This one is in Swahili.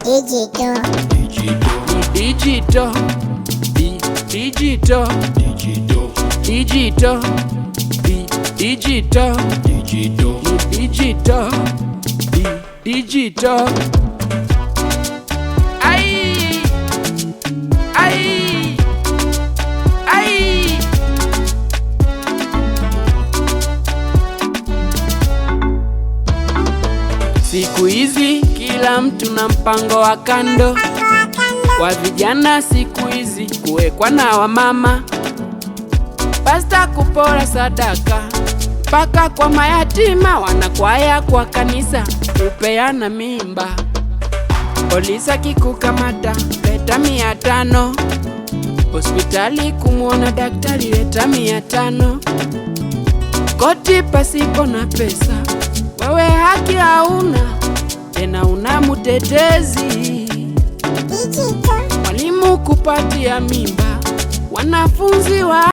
digital, digital, digital, digital, digital, digital, digital, digital, digital. Siku hizi kila mtu na mpango wa kando kwa vijana, siku hizi kuwekwa na wamama, pasta kupora sadaka, mpaka kwa mayatima, wanakwaya kwa kanisa kupeana mimba, polisi akikukamata leta mia tano, hospitali kumwona daktari leta mia tano, koti pasipo na pesa, wewe haki hauna tetezi, mwalimu kupatia mimba wanafunzi wa